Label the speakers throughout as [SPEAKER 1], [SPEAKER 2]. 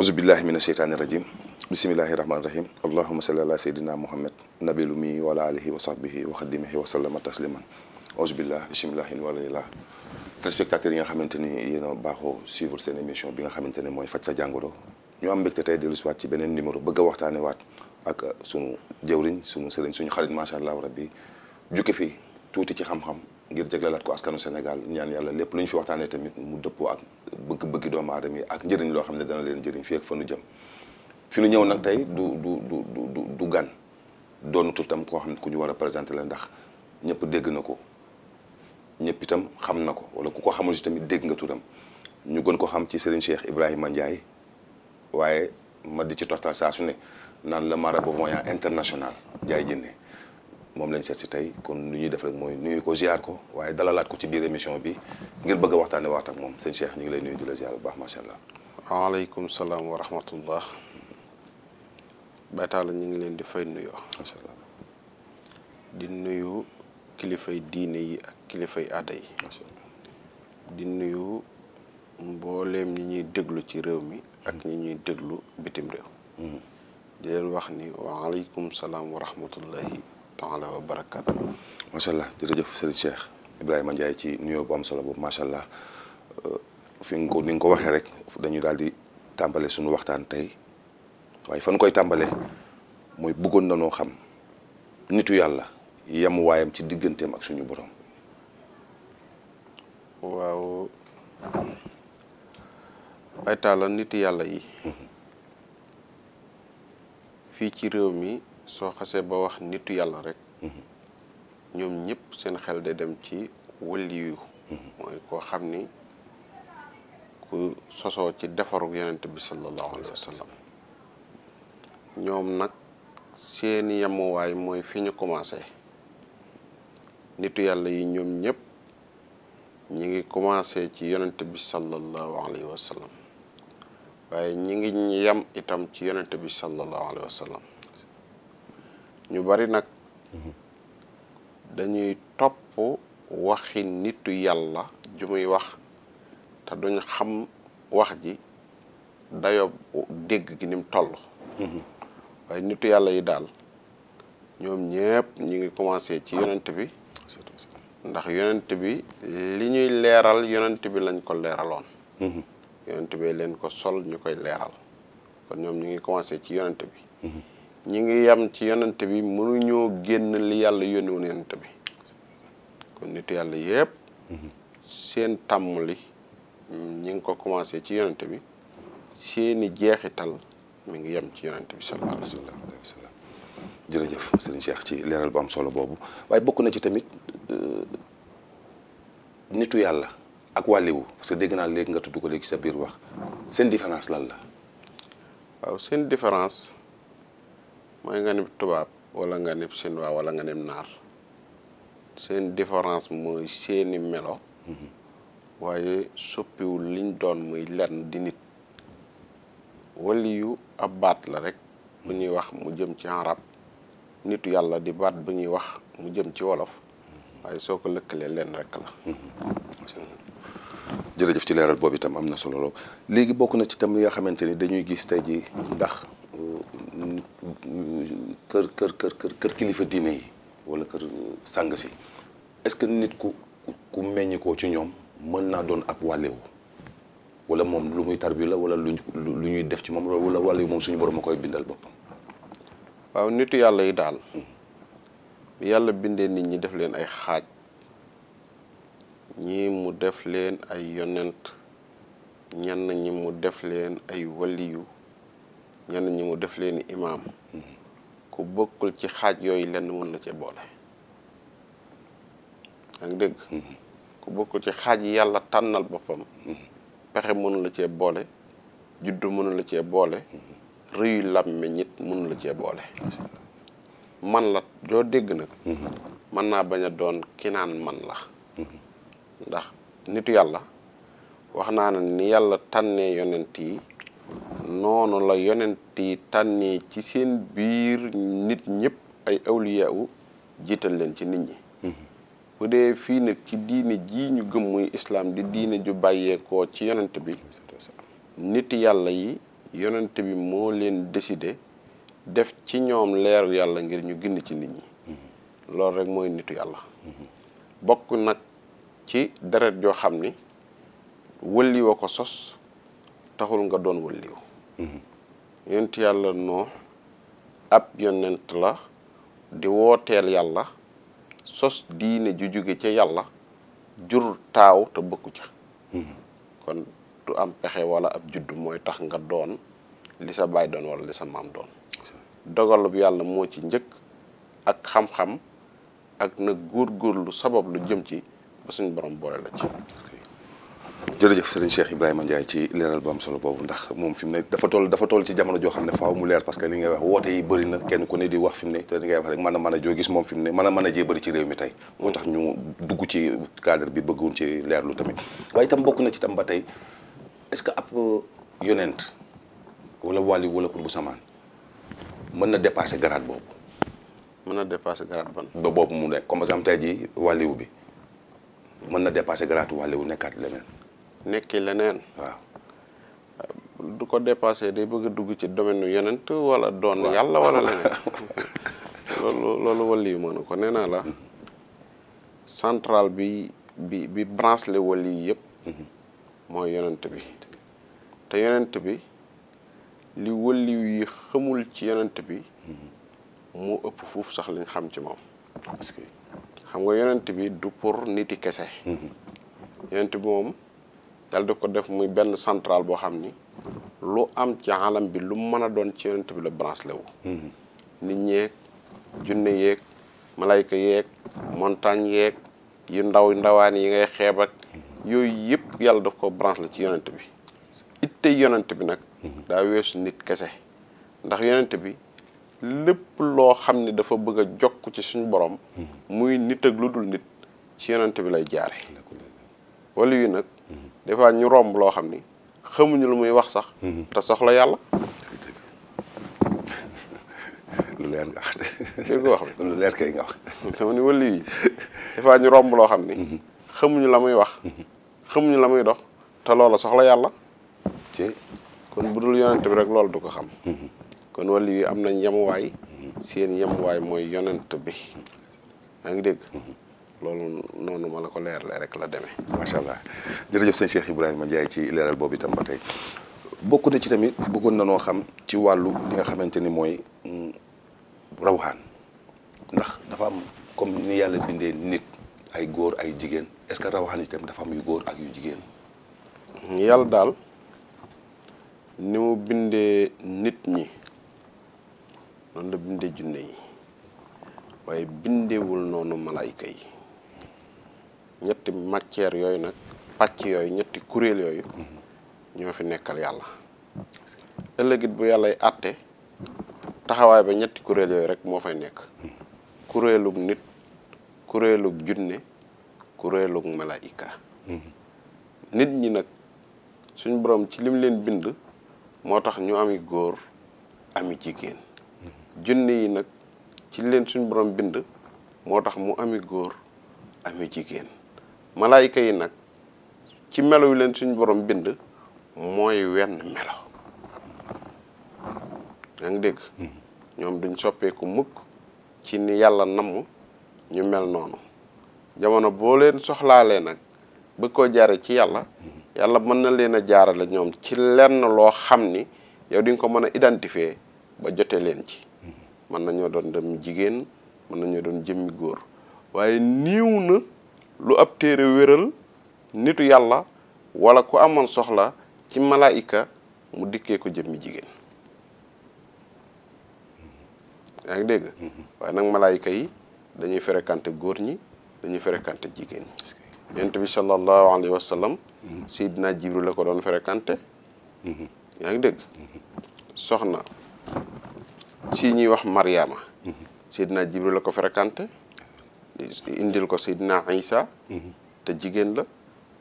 [SPEAKER 1] أعوذ بالله من الشيطان الرجيم بسم الله الرحمن الرحيم اللهم صل على سيدنا محمد نبي الأمي وعلى آله وصحبه وخدمه وسلم تسليما أعوذ بالله بسم الله الرحمن الرحيم تريسبكتاتير يا خامتيني يينا باخو سيفور سين ايميشن بيغا خامتيني موي فاتسا جانغورو ñu am mbégte tey delu ci benen numéro bëgg waxtaane waat ak sunu jëwriñ sunu sëriñ sunu xarit macha allah rabbi jukki fi tuuti ci xam-xam ngir jagleelaat ko askanu Sénégal ñaan yàlla lépp lu ñu fi waxtaanee tamit mu dëppoo ak bëgg-bëggi doomu aadama yi ak njëriñ loo xam ne dana leen jëriñ fii ak fa nu jëm fi nu ñëw nag tey du du du du du gan doonu tur tam koo xam ne ku ñu war a présenté la ndax ñëpp dégg na ko ñëpp itam xam na ko wala ku ko xamul si tamit dégg nga turam ñu gën ko xam ci Serigne Cheikh Ibrahima Ndiaye waaye ma di ci toxtal saa su ne naan le marabout voyant international Ndiaye Diéné moom lañ seet si tey kon lu ñuy def mooy nuyu ko ziar ko waaye dalalaat ko ci biir émission bi ngir bëgg a waxtaane waat ak moom sëñ Cheikh ñu ngi lay nuyu di la ziar bu baax macha allah. waaleykum salaam ñu ngi leen di fay nuyoo. macha
[SPEAKER 2] nuyu kilifay diine yi ak kilifay aada yi. nuyu mbooleem ñi ñuy déglu ci réew mi ak ñuy déglu bitim hmm. leen wax ni waaleykum salaam wa rahmatullahi taala wa barakatuh
[SPEAKER 1] macha allah jërëjëf sëriñ cheikh ibrahima ndiaye ci nuyo bu am solo bu macha allah fi ko niñ ko waxe rek dañu daldi tambalé suñu waxtaan tay way fan koy tambalé moy bëggon nañu xam nitu yam wayam ci digganteem ak suñu borom
[SPEAKER 2] waaw ay taala nitu yalla yi mm-hmm. fi ci rew mi so xasse ba wax nitu yalla rek mhm. ñom ñëpp seen xel de dem ci waliyu moy mhm. ko xamni ku soso ci defaru yonent bi sallallahu alaihi wasallam ñom nak seen yamu way moy fiñu commencé nitu yalla yi ñom ñëpp ñi ngi commencé ci yonent bi sallallahu alaihi wasallam waye ñi ngi itam ci yonent bi sallallahu alayhi wa ñu bari nag dañuy topp waxi nitu yàlla ju muy wax te duñ xam wax ji dayo dégg gi nim mu toll waaye nitu yàlla yi daal ñoom ñépp ñu ngi commencé ci yonent bi ndax yonent bi li ñuy leeral yonent bi lañ ko leeraloon mhm. yonent bi leen ko sol ñu koy leeral kon ñoom ñu ngi commencé ci yonent bi mhm. ñu ngi yem ci yonent bi mënuñoo génn li yàlla yónni woon yonent bi kon nitu yàlla yépp seen tàmm li ñu ngi ko commencé ci yonent bi seeni
[SPEAKER 1] jeexital mu ngi yem ci yonent bi sallallahu alayhi wa sallam jërëjëf Serigne Cheikh ci leeral bu am solo boobu waaye bokk na ci tamit euh, nitu yàlla ak wàlliwu parce que dégg naa léegi nga tudd ko léegi sa biir wax seen différence lan la
[SPEAKER 2] waaw seen différence moy nga nepp tubab wala nga nib chinois wala nga nepp nar sen différence moy seni melo mhm. soppi wu liñ doon muy lenn di nit waliyu abbat la rek mhm. bu ñuy wax mu jëm ci arab nitu yalla di bat bu ñuy wax mu jëm ci wolof mhm. waye soko lekkale lenn rek la
[SPEAKER 1] jeureuf ci leral boobu solo lo. legi bokku na ci tam li nga dañuy gis tay ji ndax kër kër kër kër kër kilifa diine yi wala kër euh, sàng si est-ce que nit ku ku meññ koo ci ñoom mën naa doon ab wàllewu wala moom lu muy tarbi la wala lu ñuy def ci moom wala wàllewu moom suñu borom a koy bindal boppam. waaw nitu yàlla yi daal.
[SPEAKER 2] yàlla bindee nit ñi def leen ay xaaj ñii mu def leen ay yonent ñenn ñi mu def leen ay waliyu ñenn ñi mu def leen imaam ku bokkul ci xaaj yooyu lenn mën na cee boole yaa ngi dégg ku bokkul ci xaaj yi yàlla tànnal boppam pexe mënu la cee boole juddu mënu la boole rëyu làmmiñ it mënu la cee boole man la joo dégg nag mën naa bañ a doon ki man la ndax nit yàlla wax naa ne ni yàlla tànnee yonent yi noonu la yonent yi tànnee ci seen biir nit ñëpp ay awliya jiital leen ci nit ñi mm-hmm. bu dee fii nag ci diine ji ñu gëm islaam di diine ju bàyyeekoo ci yonent bi nit yàlla yi yonent bi moo leen décidé def ci ñoom leeru yàlla ngir ñu gindi ci nit ñi mm-hmm. loolu rek mooy nitu yàlla mm-hmm. bokk nag ci deret joo xam ni wëlliwa ko sos taxul nga doon wëlliw Mm-hmm. yent yàlla noo ab yonent la di wooteel yàlla sos diine ju jóge ca yàlla jur taaw te bëkku ca mm-hmm. kon du am pexe wala ab judd mooy tax nga doon li sa bàyyi doon wala li sa maam doon dogalu bi yàlla moo ci njëkk ak xam-xam ak na góorgóorlu sabab lu jëm ci ba suñ borom boole la ci okay.
[SPEAKER 1] jërëjëf Serigne Cheikh Ibrahima Ndiaye ci leeral bu am solo boobu ndax moom fi mu ne dafa toll dafa toll ci jamono joo xam ne faaw mu leer parce que li ngay wax woote yi bëri na kenn ku ne di wax fi ne te li wax rek mën a mën a joo gis moom fi ne mën a mën a jee moo tax ñu ci cadre bi bëggoon ci leerlu tamit waaye itam bokk ci tam ba tey est-ce que ab yonent wala wàlli wala xut bu samaan mën na dépasser garaat boobu mën na dépasser garaat ban boobu mu nekk comme par exemple tey ji bi mën na dépasser garaatu wàlliwu nekkaat leneen
[SPEAKER 2] nekki leneen. waaw du ko dépasé day bëgg a dugg ci domaine nu yonent wala doon yàlla wala leneen loolu loolu wali yu mënu ko nee naa la mm-hmm. central bi bi bi branche le wali yi yëpp mm-hmm. mooy yonent bi te yenent bi li wali yi xamul ci yenent bi mu mm-hmm. ëpp fuuf sax liñ xam ci moom xam nga yonent bi du pour niti kese yonent bi moom dal di ko def muy benn central boo xam ni lu am ci alam bi lu mën a doon ci bi la lewu mm-hmm. nit ñeeg junne yeeg malayka yeeg montagne yeeg yu ndaw ndawaan yi ngay xeeb ak yooyu yëpp yàlla daf ko branche ci yonent bi itte yonent bi nag mm-hmm. daa weesu nit kese ndax yonent bi lépp loo xam dafa bëgg a jokk ci suñu borom mm-hmm. muy nit ak lu dul nit ci yonent bi lay jaare wala yu nag des fois ñu romb loo xam ni xamuñu lu muy wax sax. Mhm. te soxla yàlla. lu leen nga wax de. dégg nga wax bi lu leer kay nga wax. dama ni wàllu yi ñu romb loo xam ni. Mhm. xamuñu la muy wax. Mhm. xamuñu la muy dox te loola soxla yàlla. ci kon bu dul yonent bi rek loolu du ko xam. kon wàllu am nañ yemuwaay. seen yemuwaay mooy yonent bi yaa ngi dégg. loolu noonu ma la ko leerle rek la demee. macha
[SPEAKER 1] allah jërëjëf sëñ Cheikh Ibrahima Ndiaye ci leeral boobu itam ba tey bokk na ci tamit bëggoon na noo xam ci wàllu li nga xamante ni mooy mm, rawxaan ndax dafa am comme ni yàlla bindee nit ay góor ay jigéen est-ce que rawxaan yi tamit dafa am yu góor ak yu jigéen. yàlla daal ni mu bindee
[SPEAKER 2] nit ñi noonu la bindee junne yi waaye bindewul noonu malaayka yi. ñetti matière yoy nak patch yoy ñetti kuréel yoy ñoo fi nekkal yalla ëlëgit bu ay atté taxaway ba ñetti kuréel yoy rek mo fay nekk kuréelug nit kuréelug malaika nit ñi nak suñ borom ci lim leen bind moo tax ñu ami goor ami jigen jinné yi nak ci leen suñ borom bind moo tax mu ami goor ami jigen malaika yi nak ci melo yu len suñu borom bind moy wenn melo yaa deg ñom duñ soppé soppeeku mukk ci ni yalla namm ñu mel nonu jamono bo len soxlaale nak bu ko jaare ci yalla yalla mën na leena jaarale ñom ci lenn lo xamni yow di ko mëna identifier ba jotté len ci mën nañu doon dem jigen mën nañu doon jëmmi goor waye niwna lu ab téere wéral nitu yàlla wala ku amoon soxla ci malaayika mu dikkee ko jëmmi jigéen yaa ngi dégg waaye nag malaayika yi dañuy fréquenté góor ñi dañuy fréquenté jigéen ñi yonent bi sallallahu alayhi wa sallam Seydina Jibril la ko doon fréquenté yaa ngi dégg soxna si ñuy wax Mariama Seydina Jibril la ko fréquenté indil ko Seydina Isa te jigéen la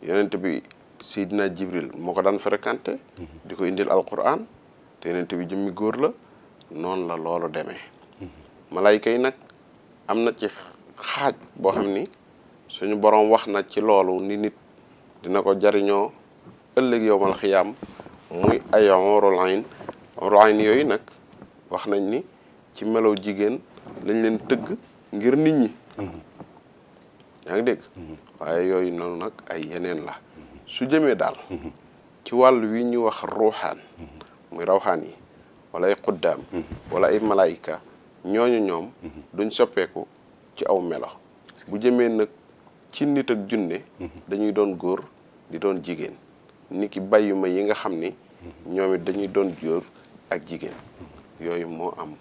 [SPEAKER 2] yonent bi Seydina Jibril moo ko daan fréquenté di ko indil alquran te yonent bi jëmmi góor la noonu la loolu demee malayka yi nag am na ci xaaj boo xam ni suñu boroom wax na ci loolu ni nit dina ko jariñoo ëllëg yowmal xiyaam muy ay urul ayn urul ayn yooyu nag wax nañ ni ci melow jigéen lañ leen tëgg ngir nit ñi yaa ngi dégg waaye yooyu noonu nag ay yeneen la su jëmee daal ci wàll wi ñu wax ruuxaan muy rawxaan yi wala ay xuddaam wala ay malayka ñooñu ñoom duñ soppeeku ci aw melo bu jëmee nag ci nit ak junne dañuy doon góor di doon jigéen nit ki bàyyuma yi nga xam ni ñoom it dañuy doon góor ak jigéen yooyu moo am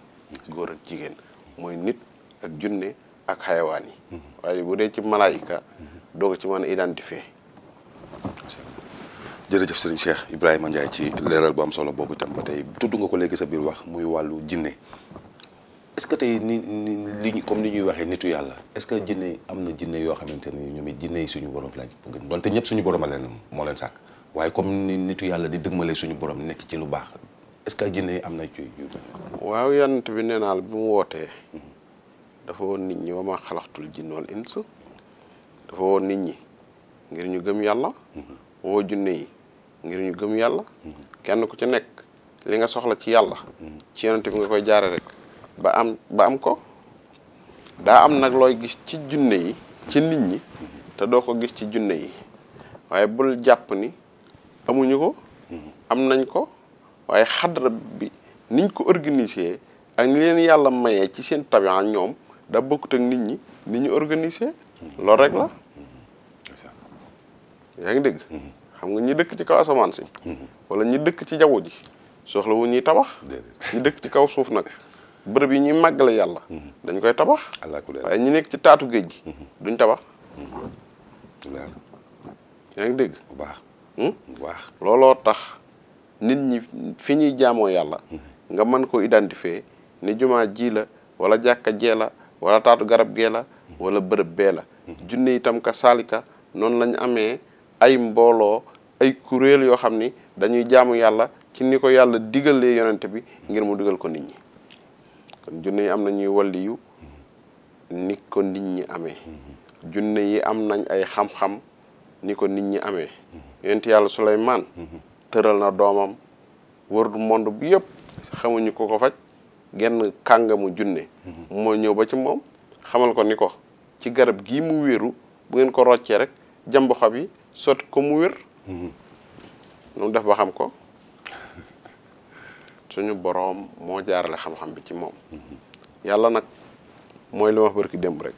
[SPEAKER 2] góor ak jigéen mooy nit ak junne ak xayawaan yi waaye bu dee ci malaayika doo ko ci mën a identifier
[SPEAKER 1] jërëjëf sëriñ Cheikh Ibrahima Ndiaye ci leeral bu am solo boobu itam ba tey tudd nga ko léegi sa biir wax muy wàllu jinne est-ce tey ni ni li comme ni ñuy waxee nitu yàlla est-ce que jinne am na jinne yoo xamante ne ñoom it jinne yi suñu borom lañ bëgg donte ñëpp suñu borom a leen moo leen sàkk waaye comme ni nitu yàlla di dëgmale suñu borom nekk ci lu baax est-ce que jinne yi am na ci
[SPEAKER 2] waaw yant bi nee bi mu wootee mm-hmm. dafa woon nit ñi wa ma xalaxtul jinna wal insa dafa woon nit ñi ngir ñu gëm yàlla woo junne yi ngir ñu gëm yàlla kenn ku ci nekk li nga soxla ci yàlla ci yonent bi rek ba am ba ko daa am nag looy gis ci junne yi ci nit ñi te doo ko gis ci junne yi waaye bul jàpp ni amuñu ko am nañ ko waaye xadra bi niñ ko organiser ak ni leen yàlla mayee ci seen tabian ñoom Dabuk bokkut ak nit ñi ni ñu organiser lo rek la ya ngi deg xam nga ñi dëkk ci kaw asaman si wala ñi dëkk ci jawu ji soxla wu ñuy tabax ñi dëkk ci kaw suuf nak bërëb yi ñuy màggale yàlla dañ koy tabax way ñi nekk ci taatu geej gi duñ tabax ya ngi deg bu baax hmm? bu baax lolo tax nit ñi fi ñuy jaamoo yàlla hmm. nga man ko identifier ni juma ji la wala jakka wala taatu garab gee la wala bërëb bee la junne itam ka saalika noonu lañ amee ay mbooloo ay kuréel yoo xam ni dañuy jaamu yàlla ci ni ko yàlla digalee yonent bi ngir mu digal ko nit ñi kon junne yi am na ñuy ni ko nit ñi amee junne yi am nañ ay xam-xam ni ko nit ñi amee yonent yàlla Suleymaan tëral na doomam wër mond bi yëpp xamuñu ko ko faj genn kàngamu junne moo ñëw ba ci moom xamal ko ni ko ci garab gii mu wéeru bu ngeen ko roccee rek jàmb xob yi sotti ko mu wér mu def ba xam ko suñu boroom moo jaarale xam-xam bi ci moom yàlla nag mooy li ma ki démb rek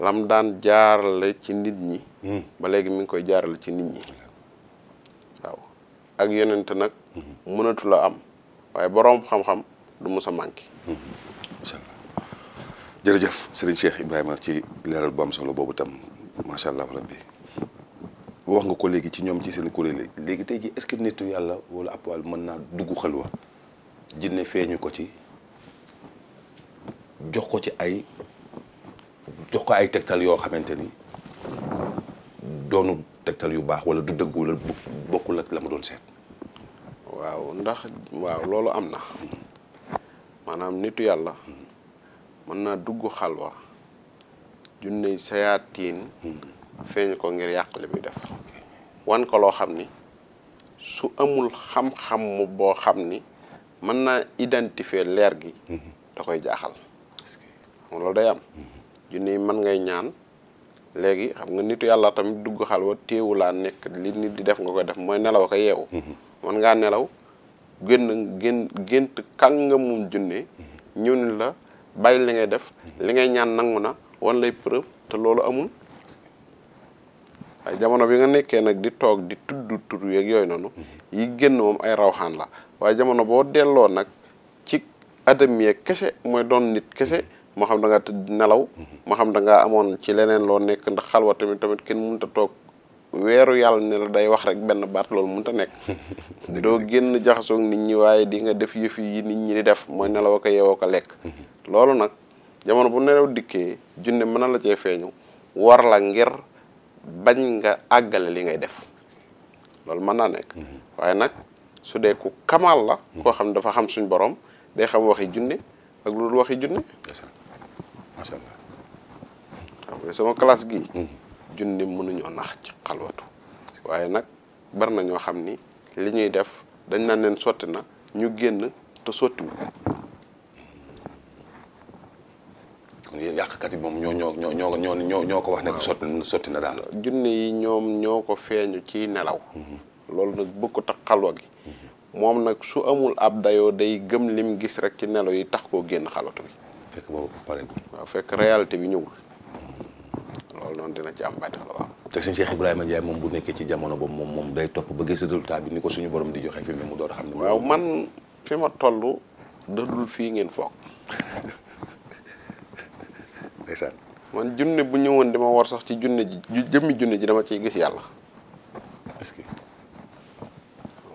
[SPEAKER 2] lam daan jaarale ci nit ñi ba léegi mi ngi koy jaarale ci nit ñi waaw ak yonent nag mënatu la am waaye boroom xam-xam du mos
[SPEAKER 1] a manqué. incha allah jërëjëf Serigne Cheikh Ibrahima ci leeral bu am solo boobu tam macha allah rabbi wax nga ko léegi ci ñoom ci seen kuréel léegi tey ji est-ce yàlla wala ab wàll mën naa dugg wa jinne feeñu ko ci jox ko ci ay jox ko ay tegtal yoo xamante ni doonu tegtal yu baax wala du dëggu la bokkul ak la mu doon seet. waaw ndax waaw loolu
[SPEAKER 2] am na. manam nitu yalla man na duggu xalwa junney sayatin feñ ko ngir yàq bi def wan ko lo xamni su amul xam-xam mu bo xamni man na identifier leer gi da koy jaaxal xam lo day am junne man ngay ñaan legi xam nga nitu yalla tamit duggu xalwa teewula nek li nit di def nga koy def moy nelaw ko yew man mm-hmm. nga nelaw génn génn gént kàngamum junne ñun la bàyyi li ngay def li ngay ñaan nangu na wan lay preuve te loolu amul waaye jamono bi nga nekkee nag di toog di tudd tur yeeg yooyu noonu yi génn moom ay rawxaan la waaye jamono boo delloo nag ci adam yeeg kese mooy doon nit kese moo xam da nga tëdd nelaw mhm. moo xam da nga amoon ci leneen loo nekk ndax xalwa tamit tamit kenn mënut a toog wéru yàlla ne la day wax rek benn baat loolu mënut a nekk
[SPEAKER 3] doo
[SPEAKER 2] génn jaxasoog nit ñi waaye di nga def yëf yi nit ñi di def mooy nelaw ko yeewoo ko lekk loolu nag jamono bu nelaw dikkee junne mën na la cee feeñu war la ngir bañ nga àggale li ngay def loolu mën naa nekk mm-hmm. waaye nag su dee ku kamaal la mm-hmm. koo xam dafa xam suñ borom day xam waxi junne ak lu dul waxi junne allah sama classe gii mm-hmm. junni mënuñoo nax ci xalwatu waaye nag bari na ñoo xam ni li ñuy def dañ na leen sotti na ñu génn
[SPEAKER 1] te sottiwul kon yéen yàqkat yi moom ñoo ñoo ñoo ñoo ñoo ñoo ko wax ne sotti sotti na daal. junne yi ñoom ñoo ko feeñu
[SPEAKER 2] ci nelaw. Mm-hmm. loolu nag ko tax xalwa gi. Mm-hmm. moom nag su amul ab dayoo day gëm lim gis rek ci nelaw yi tax koo génn xalwatu bi fekk boobu pareegul. fekk réalité
[SPEAKER 1] bi ñëwul. noonu dina ci am batix la waaw te suñu Cheikh Ibrahima Ndiaye moom bu nekkee ci jamono boobu moom moom day topp ba gis résultat bi ni ko suñu borom di joxe fi mu mu door xam ne waaw man ma toll dadul fii ngeen foog
[SPEAKER 2] ndeysaan man junne bu ñëwoon dama war sax ci junne ji jëmmi junne ji dama ciy gis yàlla parce que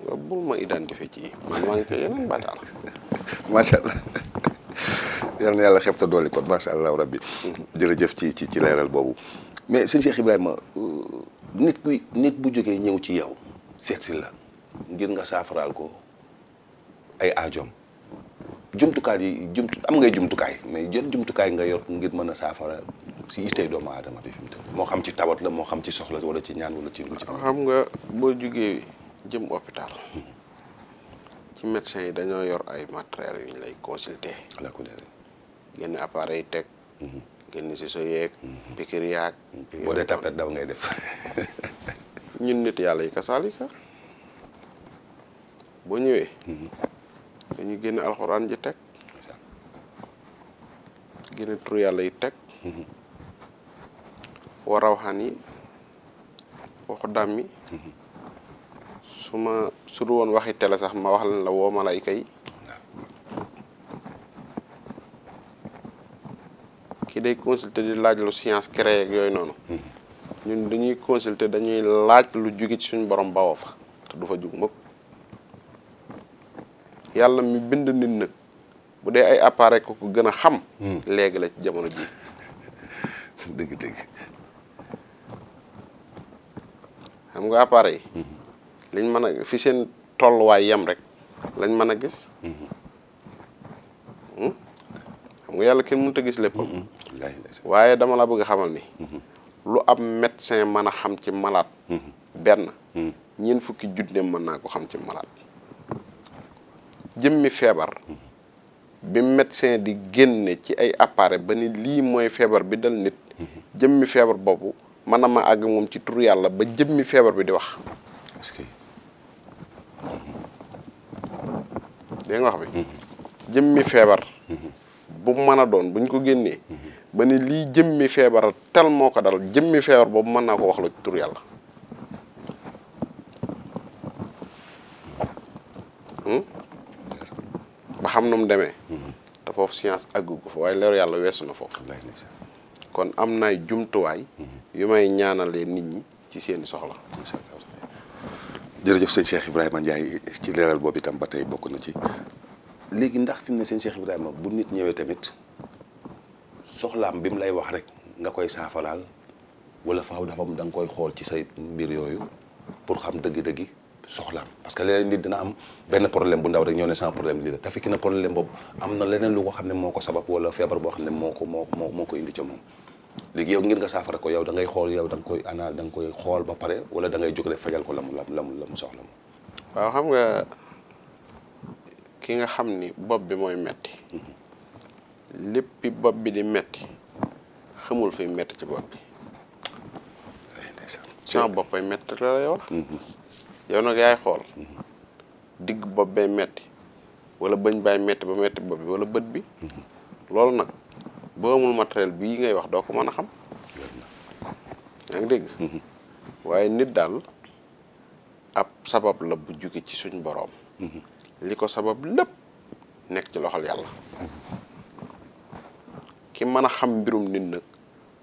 [SPEAKER 2] nga bul ma identifié ci man maa ngi ci yeneen bataal
[SPEAKER 1] macha allah yal na yàlla xeeb te dolli kon macha allah rabbi mm-hmm. jërëjëf ci ci ci leeral boobu mais sëñ Cheikh ma euh, nit kuy nit bu jógee ñëw ci yow seet si la ngir nga saafaraal ko ay aajoom jumtukaay yi jumtu am ngay jumtukaay mais jot jumtukaay nga yor ngir mën a saafara si itey doomu aadama bi moo xam ci tawat la moo xam ci soxla wala ci ñaan wala ci lu ci xam
[SPEAKER 2] nga boo jógee jëm hôpital
[SPEAKER 1] ci médecin yi dañoo
[SPEAKER 2] yor ay matériel yu ñu lay consulter. ala kulli appare appareil teg. Mhm. Ini ci so yek pikir yak boleh dee tapet daw ngay def ñun nit yalla yi kasaalika bo ñëwee dañu tek, alcorane ji tek génn tru yalla hmm. yi tek wa rawhani yi waxu hmm. suma suru won waxi tele sax ma wax la wo malaika yi kii day consulter di laaj lu science créé yooyu noonu ñun dañuy consulter dañuy laaj lu jóge ci suñu borom bawoo fa te du fa jug mukk yàlla mi bind nit nag bu dee ay appareil ko ko gën a xam hmm. léegi la ci jamono ji
[SPEAKER 1] su
[SPEAKER 2] xam nga appareil hmm. mën a fi seen tolluwaay yam rek lañ mën a gis hmm. xam nga yàlla kenn mun a gis léppam waaye dama la bëgg xamal ni mhm. lu ab médecin mën a xam ci malade mhm. benn mhm. nyin fukki judde mën naa ko xam ci malade jëmmi feebar bi médecin di ne ci ay appareil ba ni lii mooy feebar bi dal nit jëmmi feebar bobu mën ma àgg mum ci tur yalla ba jëmmi feebar bi di wax dégg nga wax bi jëmmi feebar bu mën doon buñ ko génnee ba ne li jëmmé fièvre tel moko dal jëmmé fièvre bobu man nako wax la yalla hmm ba xam nu mu demee hmm. te foofu science àggugu fa way leer yalla wessuna na kon am nay jumtu way hmm. yumay ñaanalee nit ñi ci seen soxla
[SPEAKER 1] jërëjëf seigne Cheikh Ibrahima ndjay ci leral bobu tam batay bokku na ci légui ndax fimné seigne Cheikh Ibrahima bu nit ñëwé tamit soxlaam bi mu lay wax rek nga koy saafaraal wala faaw dafa da nga koy xool ci say mbir yooyu pour xam dëgg-dëgg soxlaam parce que leneen di dina am benn problème bu ndaw rek ñoo ne sans problème lii la te fekk na problème boobu am na leneen lu ko xam ne moo ko sabab wala feebar boo xam ne moo ko moo moo moo ko indi ca moom léegi yow ngir nga saafara ko yow da ngay xool yow danga koy anal da koy xool ba pare wala dangay ngay jóg rek fajal ko la mu la mu la mu soxla moom
[SPEAKER 2] waaw xam nga nga xam ni bopp bi mooy metti mm-hmm. léppi bopp bi di metti xamul fi metti ci bopp bi sans boppay metti la lay mm-hmm. yow nag yaay xool digg bopp bay metti wala bëñ bay metti ba metti bopp bi walla bët bi mm-hmm. loolu nag boo amul matériel bii ngay wax doo ko mën a xam yaa ngi dégg mm-hmm. waaye nit daal ab sabab la bu jóge ci suñ boroom li ko sabab lépp nekk ci loxol yàlla ki mëna xam mbirum nit nag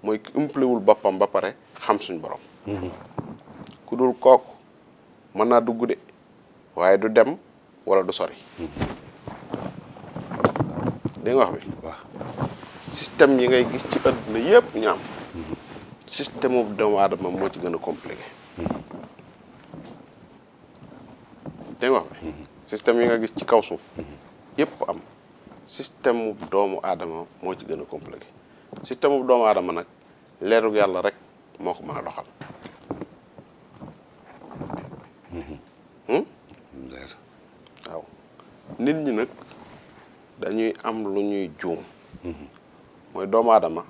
[SPEAKER 2] moy ki wul bopam ba paré xam suñ borom mm-hmm. ku dul kok mëna dugg de waaye du dem wala du sori mm-hmm. dégg nga wax bi yang système yi ngay gis ci aduna yépp ñam mm-hmm. système of doomu aadama mo ci gëna compliqué dégg nga wax bi système yi nga gis ci kaw suuf yépp am système mu doomu aadama moo ci gën a compliqué système mu doomu aadama nag leerug yàlla rek moo ko mën a doxal. Hmm? nit ñi nag dañuy am lu ñuy juum. Hmm. mooy doomu adama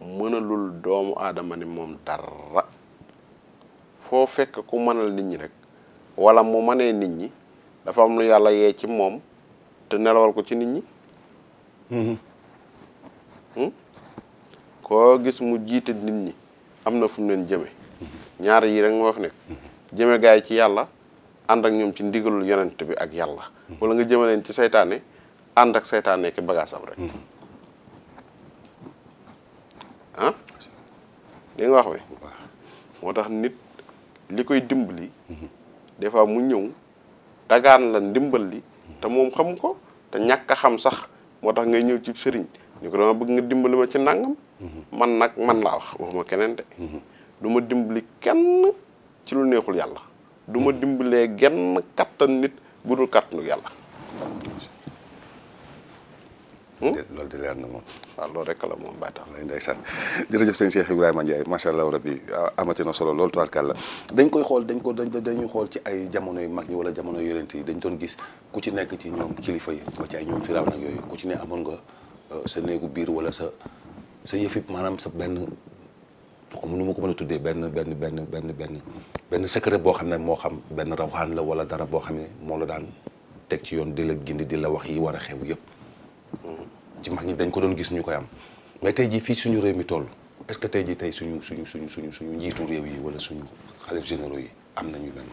[SPEAKER 2] mënalul doomu aadama ni moom dara foo fekk ku mënal nit ñi rek wala mu mënee nit ñi dafa am lu yàlla yee ci moom. te nelawal ko ci nit ñi mm-hmm. hmm? ko gis mu jité nit ñi amna fu mu leen jëme mm-hmm. ñaar yi rek mo fa nek jëme gaay ci yalla and ak ñom ci ndigalul yonent bi ak yalla mm-hmm. wala nga jëme leen ci setané and ak saytaane ki am rek hmm li nga wax mi motax nit likoy dimbali defa mu ñew dagaan la dimbali te moom xam ko te ñàkk a xam sax moo tax ngay ñëw ci sëriñ ñu ko dama bëgg nga dimbali ma ci nangam. man nag man laa wax waxuma keneen de. du ma dimbali kenn ci lu neexul yàlla. duma dimbalee genn kattan nit bu dul kattanu yàlla.
[SPEAKER 1] Hmm? loolu di leer na moom waaw ah, loolu rek la moom baa tax lay ndeysaan jërëjëf sëñ Cheikh ay Ndiaye macha allah rabbi ah, amati na solo loolu tubaarkàlla dañ koy xool dañ ko dañ dañuy xool ci ay jamono yu mag ñi wala jamono yonent yi dañ doon gis ku ci nekk ci ñoom kilifa yi ba ci ay ñoom firaaw nag yooyu ku ci ne amoon nga euh, sa néegu biir wala sa sa yëfib maanaam sa benn comme nu ma ko mën tuddee benn benn benn benn benn benn secret boo xam ne moo xam benn raw rawxaan la wala dara boo xam ne moo la daan teg ci yoon di la gindi di la wax yi war a xew yëpp hmm. ci mag ñi dañ ko doon gis ñu koy am mais tey jii fii suñu réew mi toll est-ce que tey jii tey suñu suñu suñu suñu suñu njiitu réew yi wala suñu xalif généraux yi am nañu mel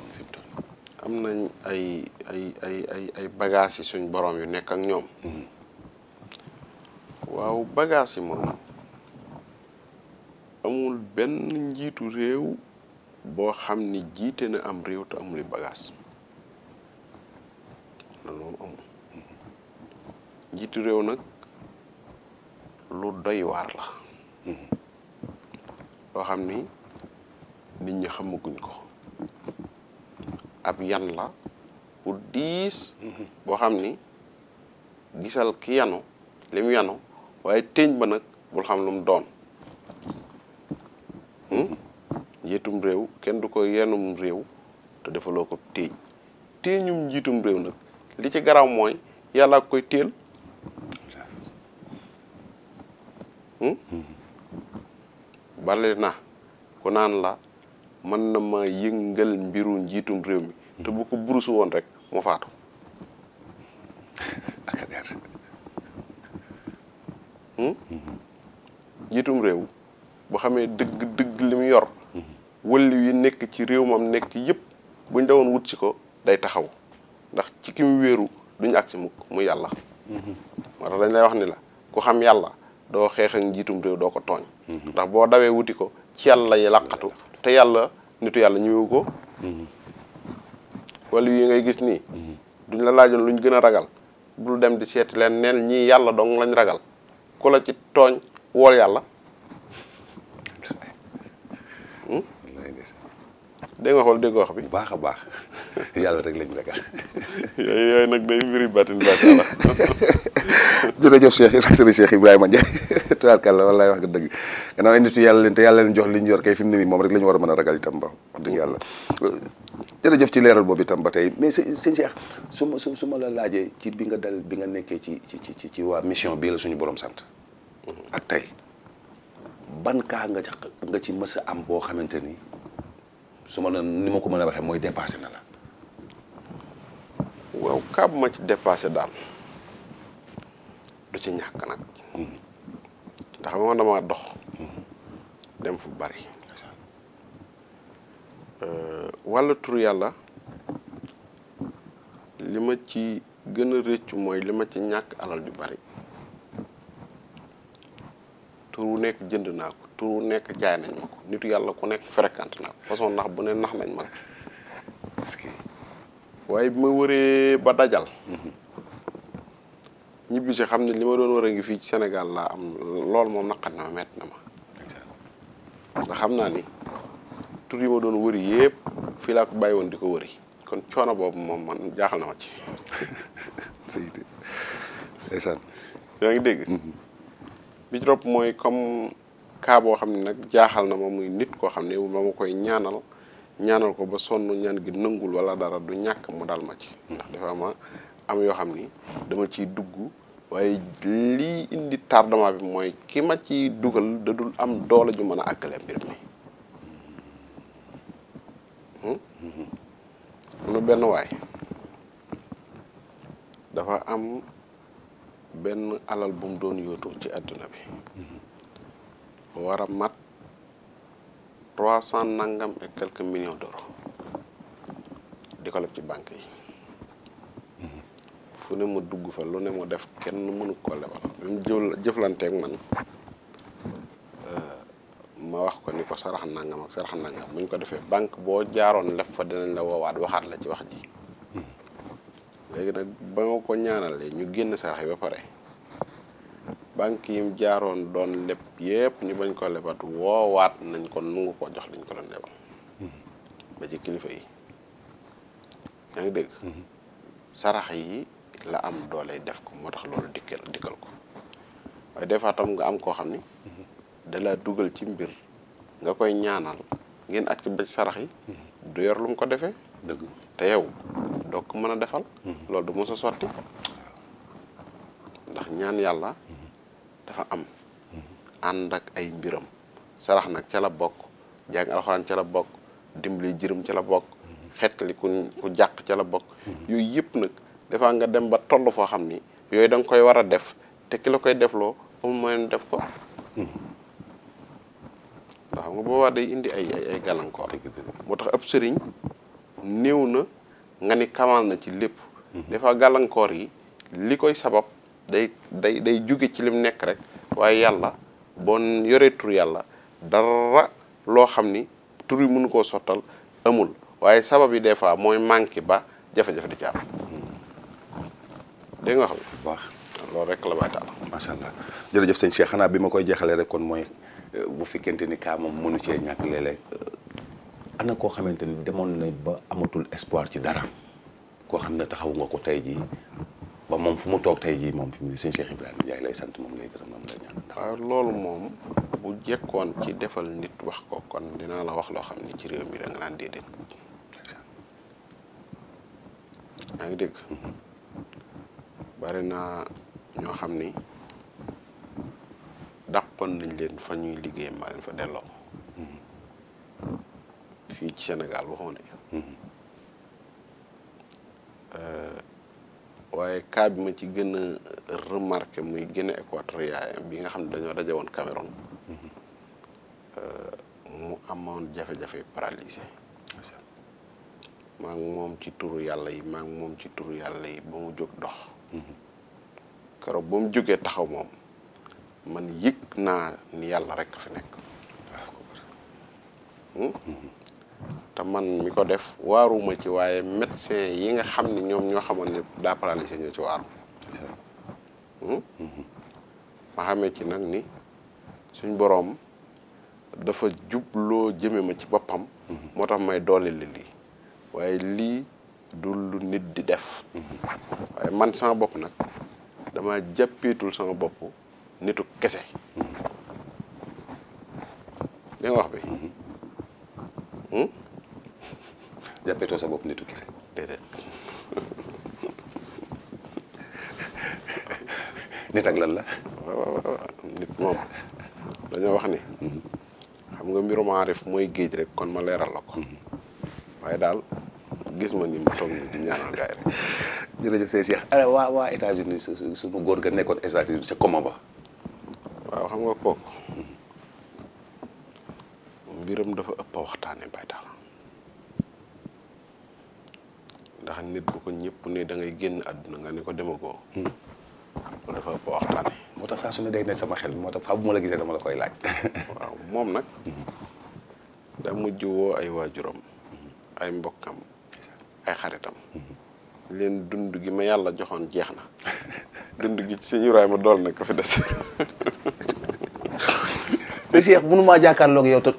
[SPEAKER 1] am nañ ay ay ay ay ay yi
[SPEAKER 2] suñu borom yu nekk ak ñoom. Mm-hmm. waaw bagages amul benn réew boo xam ni jiite na am réew te amul mm-hmm. njiitu réew nag. lu doy waar la loo xam ni nit ñi xamaguñ ko ab yan la bu diis boo xam ni gisal ki yanu li yanu waaye téeñ ba nag bul xam lu doon hmm? njiitum réew kenn du ko yenum réew te defaloo ko téeñ téeñum njiitum réew nag li ci garaaw mooy yàlla koy téel Hmm? bale na ku naan la mën na ma yëngal mbiru njiitum réew mi te bu ko burusu woon rek mu faatu hmm? Hmm. njiitum réew bu xamee dëgg dëgg li yor wëlli yi nekk ci réew mam nekk yépp buñ dawoon wut ci ko day taxaw ndax ci ki mu wéeru duñu agsi mukk mu yàlla moo dañ lay wax ni la ku xam yàlla doo xeex ak njiitum doo ko tooñ mhm. ndax boo dawee wuti ko ci yàlla yi laqatu te yàlla nitu yàlla ñu ko mhm. wala yi ngay gis nii mhm. duñ la laajoon luñ gën a ragal bul dem di seeti leen neen ñii yàlla dong lañ ragal ku la ci tooñ wool yàlla hmm? dégg nga xool dégg wax bi baax a baax yàlla rek lañ ragal yooyu yooyu nag day mbiri baatin
[SPEAKER 1] baatin la jërëjëf Cheikh sëriñ Cheikh Ibrahima Ndiaye tubaarkàlla wallahi wax deug gëna indi ci yàlla leen te yàlla leen jox li ñu yor kay fi mu ne nii rek la wara mëna ragal itam ba wax deug yalla jërëjëf ci leeral bobu itam ba tey mais sëñ Cheikh suma suma la laajee ci bi nga dal bi nga nekké ci ci ci ci wa mission bi la suñu borom sante mhm. ak tay ban ka nga jax nga ci mësa am bo xamanteni suma su la ni ma ko mën a waxee mooy dépassé na la waaw kaa ma ci dépassé
[SPEAKER 2] dal du ci ñak nak ndax mo dama dox dem fu bari euh, wàllu tur ci gëna a moy lima ci ñak alal du bari turu nek jënd naa ko tur wu jaay nañ mako nitu yalla ku nek fréquente façon ndax bu ne nax nañ ma parce que waye bima wéré ba dajal mhm. ñibbi xam ne li ma doon war a ngi fii ci senegal laa am lool moom naqat na ma mett na ma xam naa ni tur ma doon wëri yëpp fii laa ko bàyyi woon di ko wëri kon coono boobu moom man jaaxal na ci Seydi ndeysaan yaa ngi dégg mm-hmm. mooy comme cas boo xam ne nag jaaxal na ma muy nit koo xam ne ma ma koy ñaanal ñaanal ko ba sonn ñaan gi nangul wala dara du ñàkk mu dal ma ci mm-hmm. ndax dafa ma am yoo xam ni dama ciy dugg waaye lii indi tardement bi mooy ki ma ci dugal da dul am doole ju mën a àggale mbir mi nu hmm? hmm. benn waay dafa am benn alal bum doon yóotu ci àdduna bi lu war a mat trois cent nangam et quelques millions d'euros di ko ci banque yi fu ne ma dugg fa lu ne ma def kenn mënu ko lebal bi mu jël ak man euh, ma wax ko ni ko sarax nangam ak sarax nangam buñ ko defee bank bo jaaroon lef fa dinañ la waxat la ci wax ji légui nak ba nga ko ñu genn sarax ba pare Bank yim jaaroon doon lepp yépp ñu bañ ko lebat woowaat nañ ko nu ko jox liñ ko doon lebal ba ci kilifa yi yaa mm-hmm. sarax yi la am doole def ko motax tax loolu dikkel dikkal ko waaye des fois tam nga am koo xam ni da la dugal ci mbir nga koy ñaanal ngeen ak ci ba sarax yi du yor lu mu ko defee dëgg te yow doo ko mën a defal mhm. loolu du mos a sotti ndax ñaan yàlla dafa am mhm. ànd ak ay mbiram sarax nag ca la bokk jàng alxuraan ca la bokk dimbali jërëm ca la bokk mhm. xettali ku ku jàq ca la bokk yooyu yëpp nag defaa nga dem ba toll foo xam ni yooyu da nga koy war a def te ki la koy defloo amul moyen def ko. waaw nga boobaa day indi ay ay ay gàllankoor. moo tax ab sëriñ néew na nga ni kamal na ci lépp. Mhm. des fois gàllankoor yi li koy sabab day day day jóge ci lim nekk rek waaye yàlla boo yoree tur yàlla dara loo xam ni tur yi mënu koo sottal amul waaye sabab yi des fois mooy manqué ba jafe-jafe di ci
[SPEAKER 1] dégg nga xam ne baax loolu rek la baytaal macha allah jërëjëf sëñ Cheikh xanaa bi ma koy jeexalee rek kon mooy euh, bu fekkente ni kaa moom mënu cee ñàkk léeg-léeg euh, ana koo xamante ni demoon na ba amatul espoir ci dara koo xam ne taxaw nga ko tey jii ba moom fu mu toog tey jii moom fi mu ne sëñ Cheikh Ibrahima Ndiaye sant moom lay gërëm moom
[SPEAKER 2] lay ñaan loolu moom bu jekkoon ci defal nit wax ko kon dinaa la wax loo xam ne ci réew mi da naan déedéet yaa ngi dégg mm-hmm. bari na ñoo xam ni dàqoon nañ leen fa ñuy liggéey maa leen fa delloo fii ci Sénégal waxoo ne euh, waaye cas bi ma ci gën a remarqué muy Guinée équatoriale bi nga xam ne dañoo daje woon Cameroun euh, mu amoon jafe-jafe paralysé maa moom ci turu yàlla yi maa moom ci turu yàlla yi ba mu jóg dox keroog ba mu jógee taxaw moom man yëg naa ni yàlla rek fi nekk hmm? te man mi ko def waaruma ci waaye médecin yi nga xam ne ñoom ñoo xamoon ne daa paralysé ñoo ci waaru hmm? ma xamee ci nag ni suñ boroom dafa jubloo jëme ma ci boppam hmm. moo tax may doole li lii waaye lii Dulu lu nit di def waaye man sama bopp nag dama jàppeetul sama bopp nitu kese
[SPEAKER 1] li nga wax bi hmm? jàppeetoo sa bopp nitu kese déedéet nit ak lan la waaw waaw nit moom
[SPEAKER 2] dañoo wax ni hmm. xam nga mbiru maarif mooy géej rek kon ma leeral
[SPEAKER 1] gis ma ni ma tok ni di ñaanal gaay rek jërëjëf sey cheikh ala wa wa etats unis suñu gor ga nekkon etats unis c'est comment ba wa xam nga kooku mbiram dafa ëpp waxtaane baytaal
[SPEAKER 2] ndax nit bu ko ñepp ne da ngay genn aduna nga ne ko demagoo
[SPEAKER 1] hmm. loolu dafa ëpp waxtane motax sa saa day ne sama xel motax fa bu ma la gisee dama la koy laaj waaw mom nak hmm. da mujju wo ay waajuram
[SPEAKER 2] ay mbokam ay xaritam leen dund gi ma yalla joxon jeexna
[SPEAKER 1] dund gi ci sëñ Ibrahima dool na ko fi des te Cheikh ma maa jàkkaarloog yow te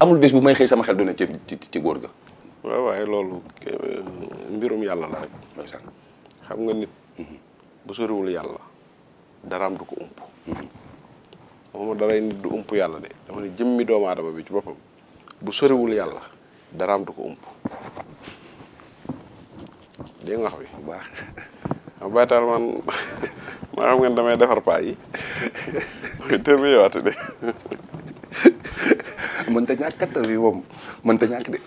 [SPEAKER 1] amul bes bu may xey sama xel du ne ci ci gor ga
[SPEAKER 2] waaw waaye loolu eh, mbirum yalla la rek ndeysaan xam nga nit bu soriwul dara am du ko umpu moom daray nit du umpu yalla de dama ni jëmmi doom adama bi ci bopam bu soriwul dara am du ko umpu di nga xawi bu baax batal man ma am ngeen kan damay defar pa yi mi yowati de mën ta ñak kattan wi wom mën ta ñak de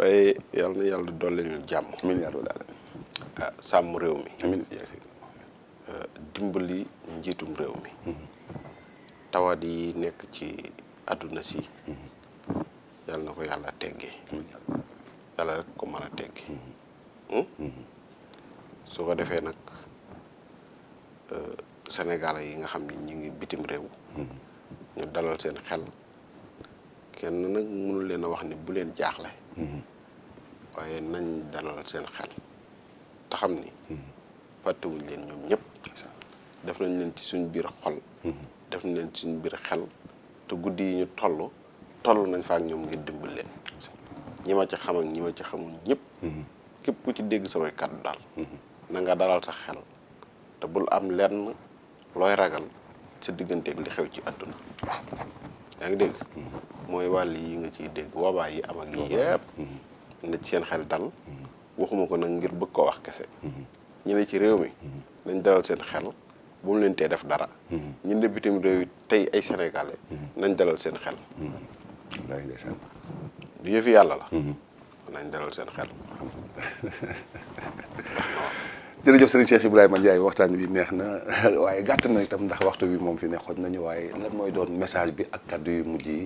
[SPEAKER 2] waaye yalla na yalla dolli ñu jamm milliard wala ah sàmm réew mi amin yasi eh, dimbali njitum rew mi hmm. tawadi nek ci aduna si hmm. yalla nako yalla teggé yalla rek ko mën teggé su ko defee nag euh, sénégalais yi nga xam ni ñu ngi bitim réew ñu dalal seen xel kenn nag mënu leen a wax ni bu leen jaaxle waaye nañ dalal seen xel te xam ni fàttewuñ leen ñoom ñëpp def nañ leen ci suñ biir xol def nañ leen suñ biir xel te guddi yi ñu toll toll nañ fa ñoom ngir dimbal leen ñi ma ci xam ñi ma ci xamuñ ñëpp képp ku ci dégg samay kàddu daal mhm. na dalal sax xel te bul am lenn looy ragal sa digganteeg li xew ci àdduna yaa ngi dégg mhm. mooy wàll yi nga ciy dégg waabaa yi am ak yépp mhm. na ci seen xel dal waxuma ko nag ngir bëgg koo wax kese ñu ne ci réew mi nañ dalal seen xel bu leen tee def dara ñu ne bitim réew tey ay sénégalais nañ dalal seen xel du yëfi yàlla la
[SPEAKER 1] nañ dalal seen xel jërëjëf sëriñ Cheikh Ibrahima Ndiaye waxtaan wi neex na waaye gàtt na itam ndax waxtu bi moom fi neexoon nañu waaye lan mooy doon message bi ak kàddu yu mujj yi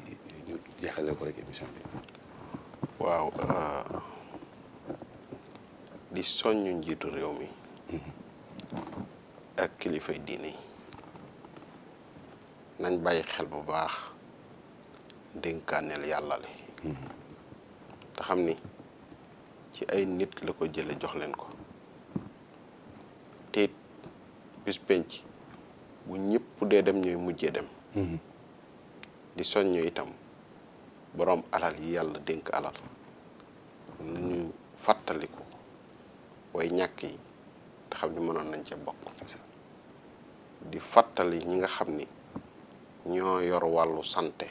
[SPEAKER 1] ñu jeexale ko rek émission bi. waaw euh, di soññu njiitu réew mi.
[SPEAKER 2] ak kilifay diine yi nañ bàyyi xel bu baax dénkaaneel yàlla li mm-hmm. te xam ni. ci ay nit la ko jële jox leen ko te it bis penc bu ñëpp dee dem ñooy mujjee dem mhm. di soñño itam boroom alal yi yàlla dénk alal nañu fàttaliku way ñàkk yi te xam ni mënoon nañ cee bokk di fàttali ñi nga xam ni ñoo yor wàllu sante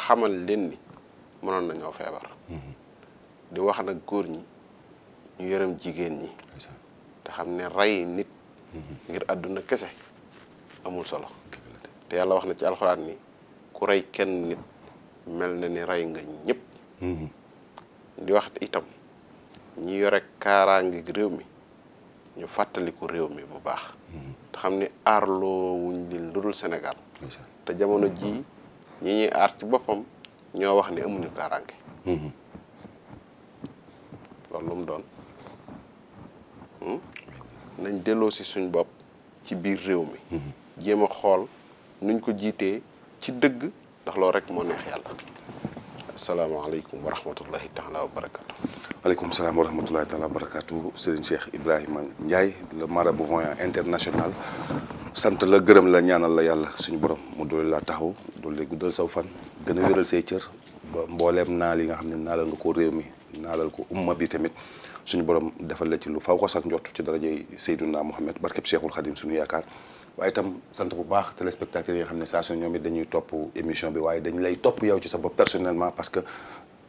[SPEAKER 2] xamal leen ni mënoon nañoo feebar mhm. di wax nag góor ñi ñu yërëm jigéen ñi te xam ne rey nit mhm. ngir àdduna kese amul solo te yàlla wax na ci alxuraan ni ku rey kenn nit mel na ni rey nga ñëpp mhm. di wax itam ñi yore kaaraange réew mi ñu fàttaliku réew mi bu baax mhm. te xam ni aarloo wuñ leen lu dul Sénégal te jamono ji ñi ñuy aar ci boppam ñoo wax ni amuñu kaaraange kon lu mu doon hmm? nañ delloo si suñ bopp ci biir réew mi mhm. jéem a xool nuñ ko jiitee
[SPEAKER 1] ci dëgg ndax loolu rek moo neex yàlla asalaamaaleykum wa rahmatullahi taala wa barakatu aleykum salaam wa rahmatullahi taala wa barakatu Serigne Cheikh Ibrahima Ndiaye le marabout voyant international sant la gërëm la ñaanal la yàlla suñu borom mu doole laa taxaw doole guddal saw fan gën a wéral say cër ba mbooleem naa li nga xam ne naa la nga ko réew mi ñaanalal ko umma bi tamit suñu borom defal la ci lu faw ko sax njort ci darajey Seydouna Mouhamed barkeb Cheikhul Khadim suñu yaakaar waaye itam sant bu baax téléspectateurs yi nga xam ne saa su ñoom it dañuy topp émission bi waaye dañ lay topp yow ci sa bopp personnellement parce que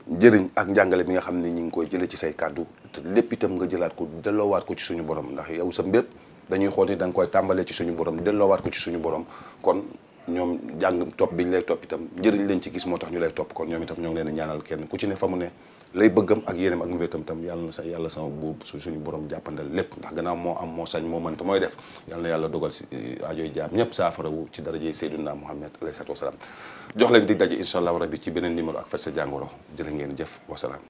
[SPEAKER 1] njëriñ ak njàngale bi nga xam ne ñi ngi koy jëlee ci say kàddu te nga jëlaat ko delloowaat ko ci suñu borom ndax yow sa mbir dañuy xool ni da nga koy tàmbalee ci borom delloowaat ko ci suñu borom kon ñoom jàng topp bi ñu lay topp itam njëriñ lañ ci gis moo tax ñu ñoom leen ñaanal kenn ku ci ne fa mu ne lay bëggam ak yéenam ak mbétam tam yalla na sa yalla sama bu suñu borom jappandal lepp ndax gëna mo am mo sañ mo mënta moy def yalla na yalla dogal ci eh, ajoy jaam ñëpp wu ci darajey sayyiduna Muhammad alayhi salatu wassalam jox leen di dajje inshallah rabbi ci benen numéro ak fa sa jangoro jërë ngeen jëf wassalam